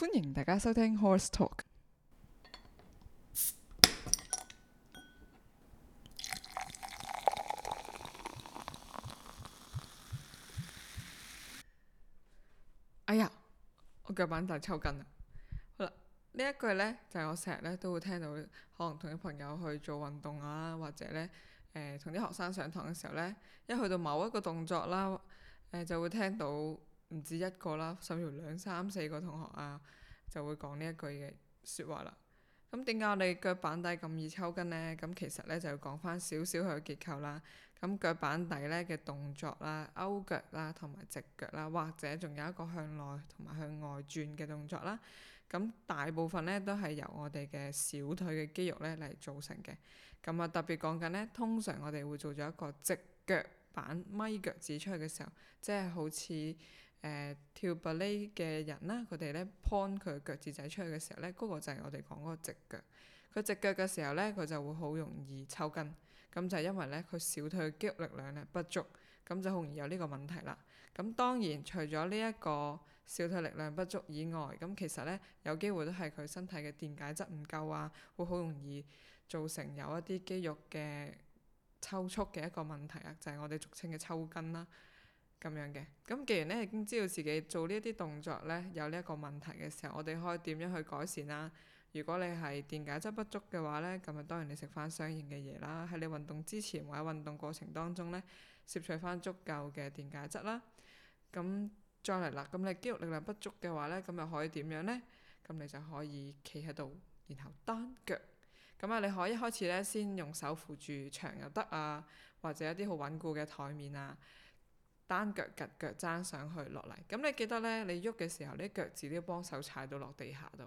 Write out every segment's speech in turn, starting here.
歡迎大家收聽《Horse Talk》。哎呀，我腳板底抽筋啦！好啦，呢一句呢就係我成日呢都會聽到，可能同啲朋友去做運動啊，或者呢誒同啲學生上堂嘅時候呢，一去到某一個動作啦，誒就會聽到。唔止一個啦，甚至乎兩三四個同學啊，就會講呢一句嘅説話啦。咁點解我哋腳板底咁易抽筋呢？咁其實咧就要講返少少佢嘅結構啦。咁腳板底咧嘅動作啦，勾腳啦，同埋直腳啦，或者仲有一個向內同埋向外轉嘅動作啦。咁大部分咧都係由我哋嘅小腿嘅肌肉咧嚟造成嘅。咁啊特別講緊咧，通常我哋會做咗一個直腳板，咪腳趾出去嘅時候，即係好似～誒、呃、跳芭蕾嘅人啦，佢哋呢，point 佢腳趾仔出去嘅時候呢，嗰個就係我哋講嗰個直腳。佢直腳嘅時候呢，佢就會好容易抽筋。咁就係因為呢，佢小腿肌肉力量呢，不足，咁就好容易有呢個問題啦。咁當然除咗呢一個小腿力量不足以外，咁其實呢，有機會都係佢身體嘅電解質唔夠啊，會好容易造成有一啲肌肉嘅抽搐嘅一個問題啊，就係我哋俗稱嘅抽筋啦。咁樣嘅，咁既然呢已經知道自己做呢一啲動作呢，有呢一個問題嘅時候，我哋可以點樣去改善啦、啊？如果你係電解質不足嘅話呢，咁啊當然你食翻相應嘅嘢啦。喺你運動之前或者運動過程當中呢，攝取翻足夠嘅電解質啦。咁再嚟啦，咁你肌肉力量不足嘅話呢，咁又可以點樣呢？咁你就可以企喺度，然後單腳，咁啊你可以一開始呢，先用手扶住牆又得啊，或者一啲好穩固嘅台面啊。單腳夾腳踭上去落嚟，咁你記得呢，你喐嘅時候，呢腳趾都要幫手踩到落地下度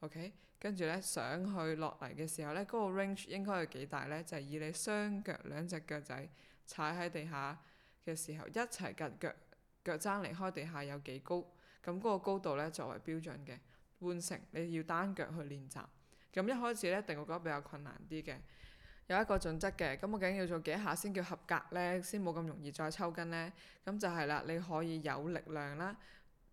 ，OK？跟住呢，上去落嚟嘅時候呢，嗰個 range 應該有幾大呢，就係以你雙腳兩隻腳仔踩喺地下嘅時候，一齊夾腳腳踭離開地下有幾高，咁嗰個高度呢，作為標準嘅，換成你要單腳去練習，咁一開始呢，一定會覺得比較困難啲嘅。有一個準則嘅，咁我究竟要做幾下先叫合格呢？先冇咁容易再抽筋呢？咁就係啦，你可以有力量啦，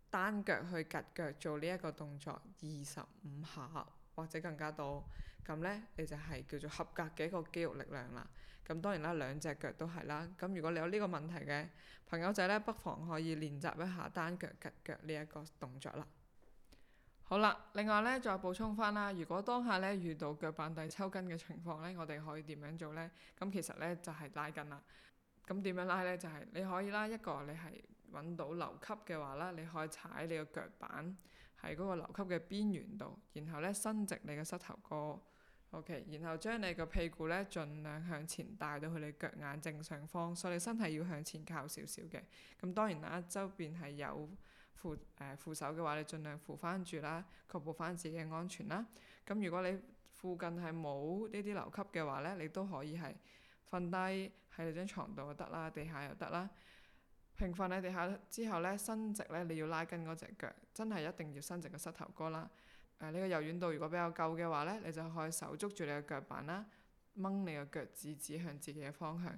單腳去趷腳做呢一個動作二十五下或者更加多，咁呢，你就係叫做合格嘅一個肌肉力量啦。咁當然啦，兩隻腳都係啦。咁如果你有呢個問題嘅朋友仔呢，不妨可以練習一下單腳趷腳呢一個動作啦。好啦，另外咧再補充翻啦，如果當下咧遇到腳板底抽筋嘅情況咧，我哋可以點樣做咧？咁其實咧就係拉筋啦。咁點樣拉咧？就係你可以拉，一個，你係揾到樓級嘅話啦，你可以踩你個腳板喺嗰個樓級嘅邊緣度，然後咧伸直你嘅膝頭哥。OK，然後將你嘅屁股咧儘量向前帶到去你腳眼正上方，所以你身體要向前靠少少嘅。咁當然啦，周邊係有。扶誒、呃、扶手嘅話，你盡量扶翻住啦，確保翻自己嘅安全啦。咁、嗯、如果你附近係冇呢啲樓級嘅話咧，你都可以係瞓低喺你張床度就得啦，地下又得啦。平瞓喺地下之後咧，伸直咧你要拉筋嗰隻腳，真係一定要伸直個膝頭哥啦。誒呢個柔軟度如果比較夠嘅話咧，你就可以手捉住你嘅腳板啦，掹你嘅腳趾指向自己嘅方向。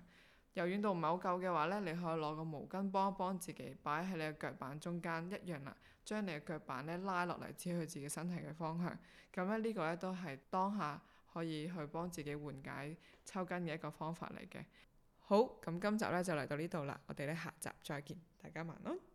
柔軟度唔係好夠嘅話呢，你可以攞個毛巾幫一幫自己，擺喺你嘅腳板中間一樣啦，將你嘅腳板呢拉落嚟，指去自己身體嘅方向。咁呢呢個呢都係當下可以去幫自己緩解抽筋嘅一個方法嚟嘅。好，咁今集呢就嚟到呢度啦，我哋呢下集再見，大家晚安。